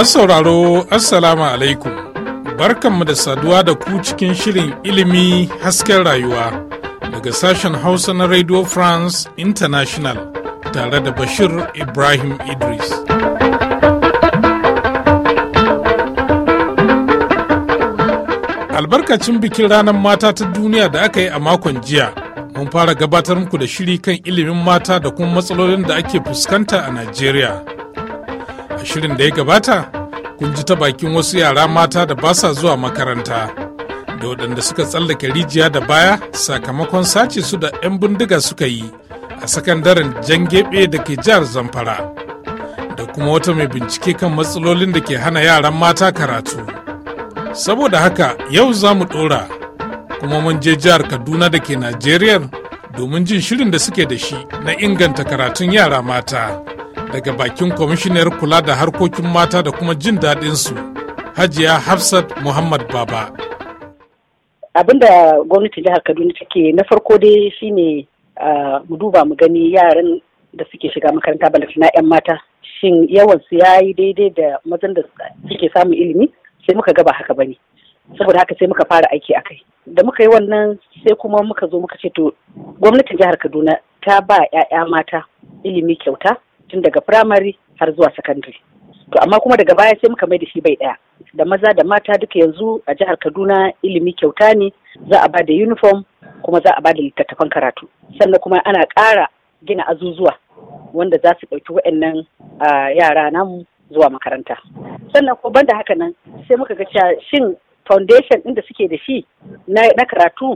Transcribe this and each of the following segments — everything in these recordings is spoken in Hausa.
Masu sauraro Assalamu alaikum barkanmu da saduwa da ku cikin shirin ilimi hasken rayuwa daga sashen Hausa na Radio France International tare da Bashir Ibrahim Idris. Albarkacin bikin ranar mata ta duniya da aka yi a makon jiya mun fara gabatar muku da shiri kan ilimin mata da kuma matsalolin da ake fuskanta a Najeriya. a shirin da ya gabata kun ji ta bakin wasu yara mata da ba sa zuwa makaranta da waɗanda suka tsallake rijiya da baya sakamakon sace su da 'yan bindiga suka yi a sakandaren gebe da ke jihar zamfara da kuma wata mai bincike kan matsalolin da ke hana yaran mata karatu saboda haka yau za mu ɗora kuma mun je jihar kaduna da ke najeriya domin jin shirin da suke da shi na inganta karatun yara mata. daga bakin kwamishinar kula da harkokin mata da kuma jin daɗinsu hajiya hafsat muhammad baba abinda gwamnatin jihar kaduna take na farko dai shine mu duba mu gani yaran da suke shiga makaranta ba na 'yan mata shin yawan su yayi daidai da mazan da suke samun ilimi sai muka gaba haka bane saboda haka sai muka fara aiki a kai da muka yi wannan sai kuma muka zo muka ce to gwamnatin jihar kaduna ta ba 'ya'ya mata ilimi kyauta tun daga firamare har zuwa sakandare to amma kuma daga baya sai muka mai da shi bai ɗaya. da maza da mata duka yanzu a jihar kaduna ilimi kyauta ne za a da uniform kuma za a ba da littattafan karatu sannan kuma ana ƙara gina azuzuwa wanda za su ɗauki wa'annan yara namu zuwa makaranta sannan ko banda haka nan sai muka ga cewa shin foundation ɗin da suke da shi na karatu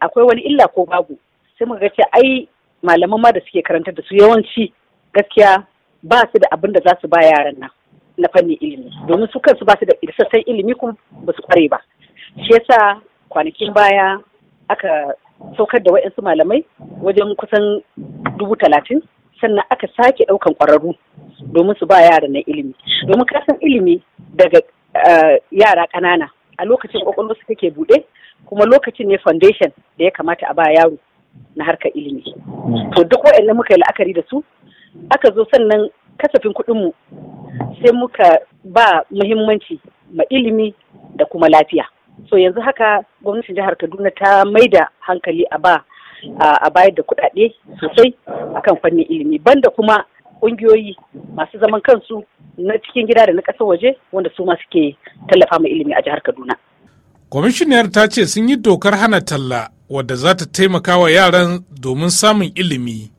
akwai wani illa ko babu sai muka ga cewa ai malaman ma da suke karantar da su yawanci gaskiya ba su da abin da za su ba yaran nan na fannin ilimi domin su kansu ba su da isassan ilimi kuma ba su kware ba shi yasa kwanakin baya aka saukar da wa'yansu malamai wajen kusan dubu talatin sannan aka sake ɗaukan kwararru domin su ba yaran nan ilimi domin kasan ilimi daga eh, yara ƙanana a lokacin su take buɗe kuma lokacin ne foundation da ya kamata a ba yaro na harkar ilimi hmm. to duk waɗanda muka yi la'akari da su aka zo sannan kasafin kuɗinmu sai muka ba muhimmanci ma ilimi da kuma lafiya so yanzu haka gwamnatin jihar kaduna ta maida hankali a ba a bayar da kuɗaɗe sosai a kan fannin ilimi banda kuma ƙungiyoyi masu zaman kansu na cikin gida da na ƙasar waje wanda su ma suke tallafa ma ilimi a jihar kaduna kwamishiniyar ta ce sun yi dokar hana talla wadda za ta taimaka wa yaran domin samun ilimi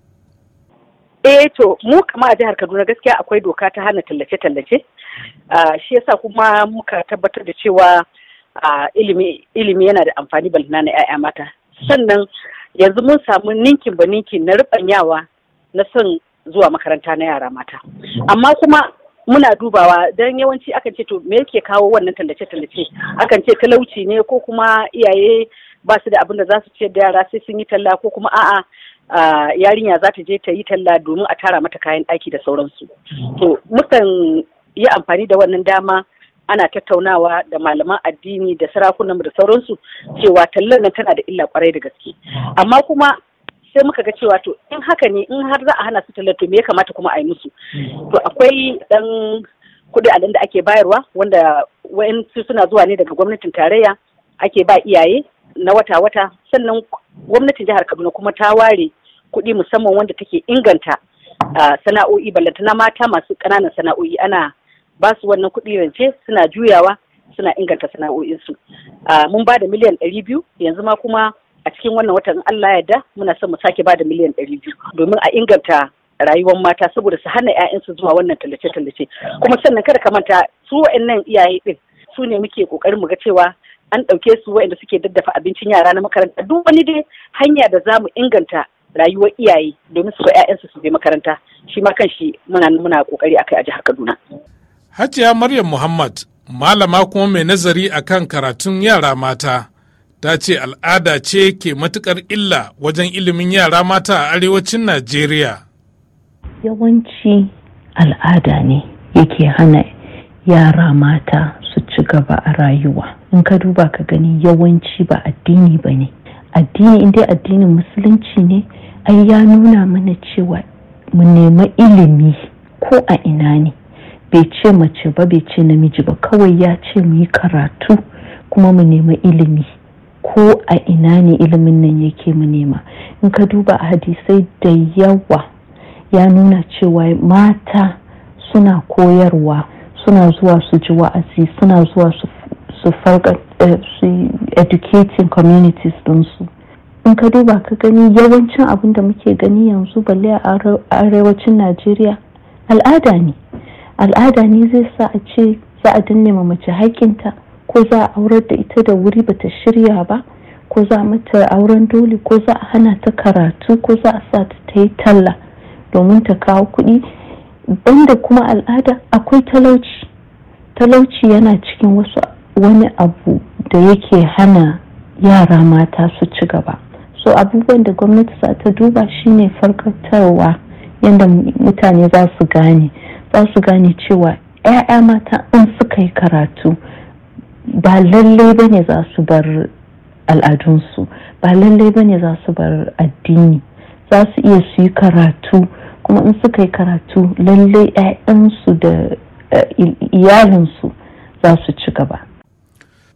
eh to mu kama a jihar kaduna gaskiya akwai doka ta hana tallace-tallace ah, shi yasa kuma muka tabbatar da cewa ah, ilimi yana da amfani balina na 'ya'ya mata sannan yanzu mun samu ninkin ba ninkin na rubanyawa na son zuwa makaranta na yara mata amma kuma muna dubawa don yawanci akan ce to me yake kawo wannan tallace-tallace akan ce talauci ne ko kuma iyaye ba su da abin da za su ciyar da yara sai sun yi talla ko kuma a'a yarinya za ta je ta yi talla domin a tara mata kayan aiki da sauransu to mukan yi amfani da wannan dama ana tattaunawa da malaman addini da sarakunanmu da sauransu cewa tallar nan tana da illa kwarai da gaske amma kuma sai muka ga cewa to in haka ne in har za a hana su tallar to me ya kamata kuma a yi musu to akwai dan kuɗi a da ake bayarwa wanda wayansu suna zuwa ne daga gwamnatin tarayya ake ba iyaye na wata-wata sannan gwamnatin jihar kaduna kuma ta ware kuɗi musamman wanda take inganta sana'o'i na mata masu ƙananan sana'o'i ana ba su wannan kuɗi rance suna juyawa suna inganta sana'o'insu mun ba da miliyan ɗari biyu yanzu ma kuma a cikin wannan watan allah ya yarda muna son mu sake ba da miliyan ɗari biyu domin a inganta rayuwar mata saboda su hana 'ya'yansu zuwa wannan tallace-tallace kuma sannan kada ka manta su wa'annan iyaye ɗin su ne muke ƙoƙarin mu ga cewa an ɗauke su waɗanda suke daddafa abincin yara na makaranta duk wani dai hanya da za mu inganta rayuwar iyaye domin su ‘ya'yansu su je makaranta shi ma kan shi muna muna kokari akai a jihar Kaduna. Hajiya Maryam Muhammad malama kuma mai nazari a kan karatun yara mata ta ce al'ada ce ke matukar illa wajen ilimin yara mata a arewacin Najeriya. Yawanci al'ada ne yake hana yara mata su ci gaba a rayuwa. in ka duba ka gani yawanci ba addini ba ne addini inda addinin musulunci ne ai ya nuna mana cewa mu nema ilimi ko a ina ne bai ce mace ba bai ce namiji ba kawai ya ce mu yi karatu kuma mu nema ilimi ko a ina ne ilimin nan yake mu nema in ka duba a hadisai da yawa ya nuna cewa mata suna koyarwa suna zuwa su ji wa'azi suna zuwa su su eh, su educating communities ɗinsu in ka duba ka gani yawancin abin da muke gani yanzu balle a arewacin najeriya al'ada ne al'ada ne zai sa a ce za a danne ma mace hakinta ko za a aurar da ita da wuri bata shirya ba ko za a mata auren dole ko za a hana ta karatu ko za a sa ta ta yi talla domin ta kawo kuɗi banda kuma al'ada akwai talauci talauci yana cikin wasu wani abu da yake hana yara mata su ci gaba so abubuwan da gwamnati za ta duba shine farkatarwa yadda mutane za su gane za su gane cewa 'ya'ya mata in suka yi karatu ba lallai ba ne za su bar al'adunsu ba lallai ba ne za su bar addini za su iya su yi karatu kuma in suka yi karatu lallai 'ya'yansu da eh, iyalinsu za su ci gaba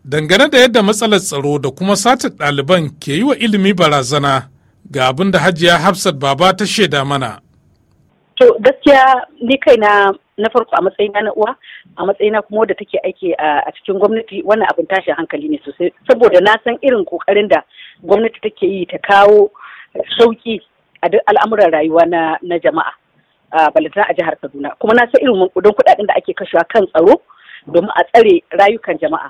dangane da yadda matsalar tsaro da kuma sata ɗaliban ke yi wa ilimi barazana ga abin da hajiya hafsat baba ta shaida mana to gaskiya ni kaina na farko a matsayina na uwa a matsayina kuma wadda take aiki a cikin gwamnati wannan abin tashin hankali ne sosai saboda na san irin kokarin da gwamnati take yi ta kawo sauki a duk al'amuran rayuwa na jama'a a balantana a jihar kaduna kuma na san irin don kudaden da ake kashewa kan tsaro domin a tsare rayukan jama'a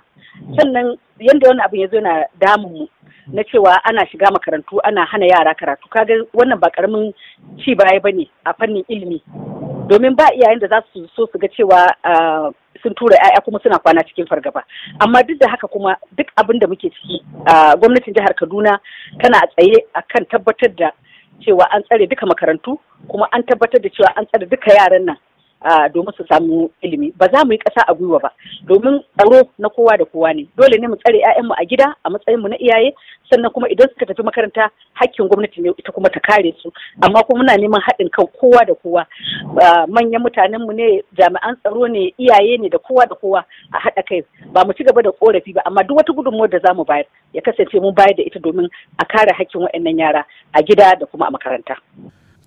sannan yadda wani abin ya zo na damun mu na cewa ana shiga makarantu ana hana yara karatu kaga wannan ba karamin ci baya ba ne a fannin ilimi domin ba iyayen da za su so su ga cewa ah, sun tura 'ya'ya kuma suna kwana cikin fargaba amma duk da haka kuma duk abin da muke ciki a ah, gwamnatin jihar kaduna tana a tsaye akan tabbatar da cewa an tsare duka makarantu kuma an tabbatar da cewa an tsare duka yaran nan domin su samu ilimi ba za mu yi ƙasa a gwiwa ba domin tsaro na kowa da kowa ne dole ne mu tsare 'ya'yanmu a gida a matsayinmu na iyaye sannan kuma idan suka tafi makaranta hakkin gwamnati ne ita kuma ta kare su amma kuma muna neman haɗin kan kowa da kowa manyan mutanenmu ne jami'an tsaro ne iyaye ne da kowa da kowa a haɗa kai ba mu ci gaba da korafi ba amma duk wata gudunmuwar da za mu bayar ya kasance mu bayar da ita domin a kare hakkin waɗannan yara a gida da kuma a makaranta.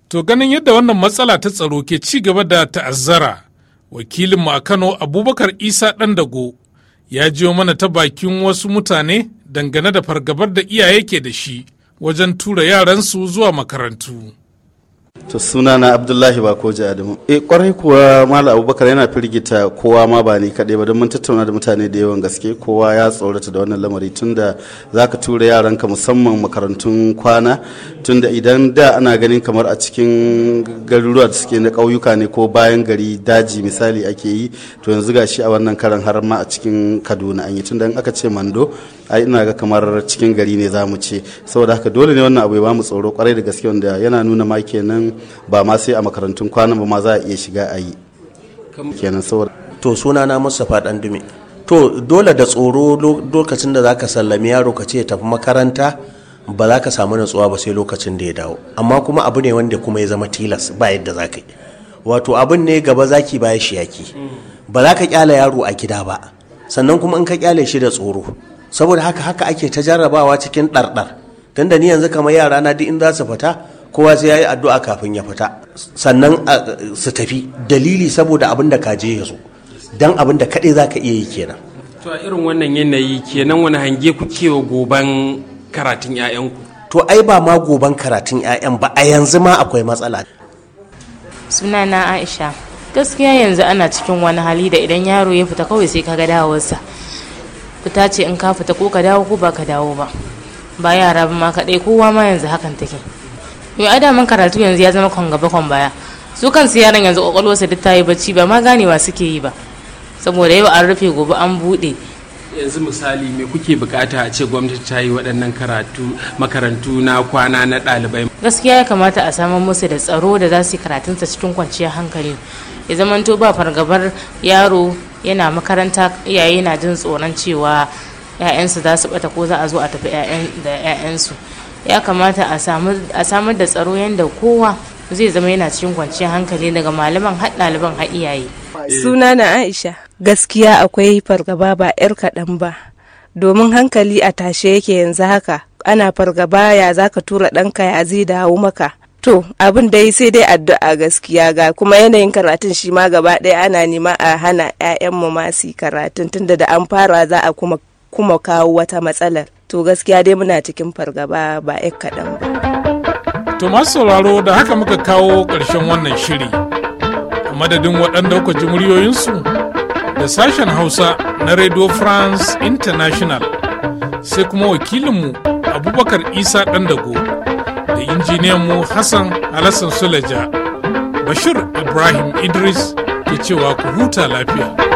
To ganin yadda wannan matsala ta tsaro ke ci gaba da ta'azzara, wakilinmu a Kano Abubakar Isa Ɗandago ya jiyo mana ta bakin wasu mutane dangane da fargabar da iyaye ke da shi wajen tura yaransu zuwa makarantu. to suna na abdullahi ba ko adamu e kwarai kuwa mala abubakar yana firgita kowa ma ba ni kaɗai ba don mun tattauna da mutane da yawan gaske kowa ya tsorata da wannan lamari tunda za ka tura yaranka musamman makarantun kwana tunda idan da ana ganin kamar a cikin garuruwa da suke na ƙauyuka ne ko bayan gari daji misali ake yi to yanzu ga shi a wannan karan har ma a cikin kaduna an yi tunda in aka ce mando ai ina ga kamar cikin gari ne za mu ce saboda haka dole ne wannan abu ya ba mu tsoro kwarai da gaske wanda yana nuna ma kenan ba ma sai a makarantun kwanan ba ma za a iya shiga a yi kenan saboda to suna na masa dume to dole da tsoro lokacin da zaka sallami yaro ka ce tafi makaranta ba za ka samu natsuwa ba sai lokacin da ya dawo amma kuma abu ne wanda kuma ya zama tilas ba yadda za ka yi wato abin ne gaba zaki baya shi yaki ba za ka kyale yaro a gida ba sannan kuma in ka kyale shi da tsoro saboda haka haka ake ta jarrabawa cikin ɗarɗar tunda ni yanzu kamar yara na duk in za su fita kowa sai ya yi addu'a kafin ya fita sannan su tafi dalili saboda abin da kaje ya zo don abin da kaɗai za ka iya yi kenan to a irin wannan yanayi kenan wani hange ku wa goban karatun 'ya'yanku to ai ba ma goban karatun 'ya'yan ba a yanzu ma akwai matsala Suna na aisha gaskiya yanzu ana cikin wani hali da idan yaro ya fita kawai sai kaga dawarsa fita ce in ka fita ko ka dawo ko ba ka dawo ba ba yara ba ma kaɗai kowa ma yanzu hakan take yau ai daman karatu yanzu ya zama kon gaba baya su kansu yaran yanzu kwakwalwarsa duk ta yi bacci ba ma ganewa suke yi ba saboda yau an rufe gobe an buɗe yanzu misali me kuke bukata a ce gwamnati ta yi waɗannan karatu makarantu na kwana na ɗalibai gaskiya ya kamata a samar musu da tsaro da za su yi karatunsa cikin kwanciyar hankali ya zamanto ba fargabar yaro yana makaranta iyaye na jin tsoron cewa 'ya'yansu za su bata ko za a zo a tafi da 'ya'yansu ya kamata a samar da tsaro yadda kowa zai zama yana cikin kwanciyar hankali daga malaman har ɗaliban har eh. suna na aisha gaskiya akwai fargaba ba 'yar kaɗan ba domin hankali a tashe yake yanzu haka ana fargaba ya za ka tura ɗanka ya zai dawo maka to abin dai sai dai addu'a gaskiya ga kuma yanayin karatun shi ma gaba ɗaya ana nema a hana 'ya'yanmu masu karatun tunda da an fara za a kuma kuma kawo wata matsalar to gaskiya dai muna cikin fargaba ba ya kaɗan ba to masu sauraro da haka muka kawo ƙarshen wannan shiri a madadin waɗanda kuka ji muryoyinsu da sashen hausa na radio france international sai kuma wakilinmu abubakar isa ɗandago da injiniyanmu hassan alassan suleja bashir ibrahim idris ke cewa ku huta lafiya